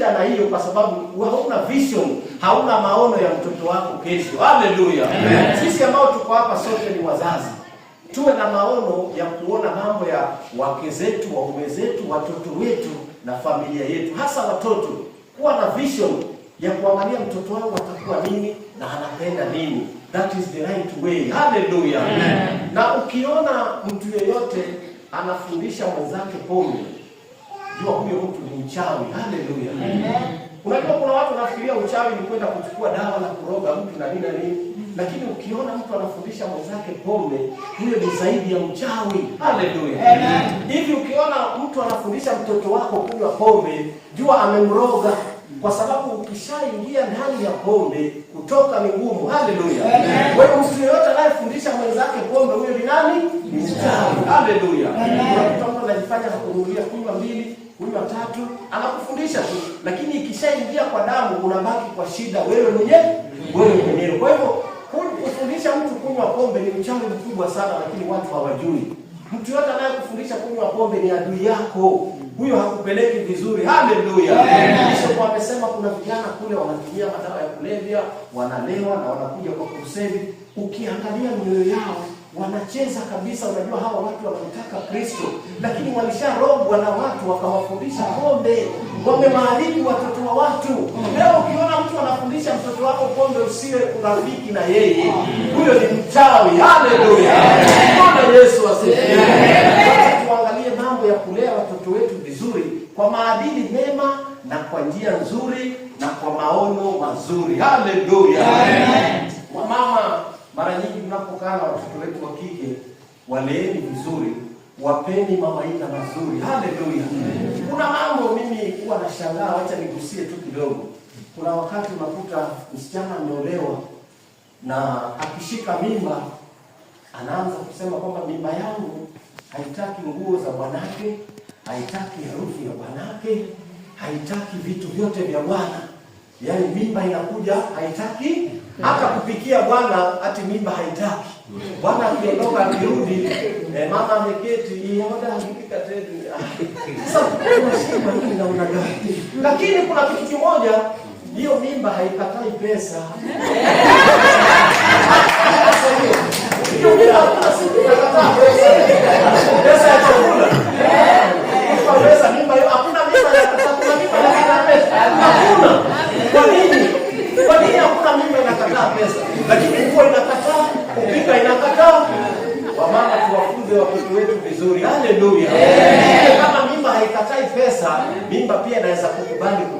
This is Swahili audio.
shida na hiyo, kwa sababu hauna vision, hauna maono ya mtoto wako kesho. Haleluya! Sisi ambao tuko hapa sote ni wazazi, tuwe na maono ya kuona mambo ya wake zetu, waume zetu, watoto wetu na familia yetu, hasa watoto kuwa na vision ya kuangalia mtoto wao atakuwa nini na anapenda nini. That is the right way. Haleluya! Na ukiona mtu yeyote anafundisha mwenzake pombe jua huyo mtu ni mchawi. Haleluya. Unajua kuna watu wanafikiria uchawi ni kwenda kuchukua dawa na kuroga mtu na nini na nini. Lakini ukiona mtu anafundisha mwenzake pombe, huyo ni zaidi ya mchawi. Haleluya. Hivi ukiona mtu anafundisha mtoto wako kunywa pombe, jua amemroga kwa sababu ukishaingia ndani ya pombe kutoka ni ngumu. Haleluya. Wewe mtu yeyote zake pombe, huyo ni nani? Haleluya! Mtoto anajifanya hakununulia kunywa mbili kunywa tatu, anakufundisha tu, lakini ikishaingia kwa damu unabaki kwa shida wewe mwenyewe wewe mwenyewe. Kwa hivyo kufundisha mtu kunywa pombe ni mchango mkubwa sana, lakini watu hawajui. Mtu yote anayekufundisha kunywa pombe ni adui yako. Huyo hakupeleki vizuri. Haleluya. Bishop amesema kuna vijana kule wanatumia madawa ya kulevya, wanalewa na wanakuja kwa kusemi. Ukiangalia mioyo yao wanacheza kabisa. Unajua hawa watu wanamtaka Kristo, lakini walisharogwa na watu wakawafundisha pombe, wamemaaribu watoto wa watu. Leo ukiona mtu anafundisha mtoto wako pombe, usiwe urafiki na yeye, huyo ni mchawi. Haleluya. Yesu asifiwe. Tuangalie mambo ya kulea watoto wetu vizuri kwa maadili mema na kwa njia nzuri na kwa maono mazuri. Haleluya. mama, mara nyingi tunapokaa na watoto wetu wa kike, waleeni vizuri, wapeni mawaidha mazuri. Haleluya. Kuna mambo mimi huwa nashangaa, wacha nigusie tu kidogo. Kuna wakati unakuta msichana ameolewa na akishika mimba anaanza kusema kwamba mimba yangu haitaki nguo za bwanake, haitaki harufu ya bwanake, haitaki vitu vyote vya Bwana. Yaani mimba inakuja haitaki hata kupikia Bwana, ati mimba haitaki. Bwana akiondoka akirudi, eh, mama ameketi ioda eh, akipika namna gani? Lakini kuna kitu kimoja, hiyo mimba haikatai pesa Sio bila kakataa hakuna mimba ya pesa. Lakini kwa inakataa, kupika inakataa. Wamama tuwafunze watoto wetu vizuri. Haleluya. Kama mimba haikatai pesa, mimba pia inaweza kukubali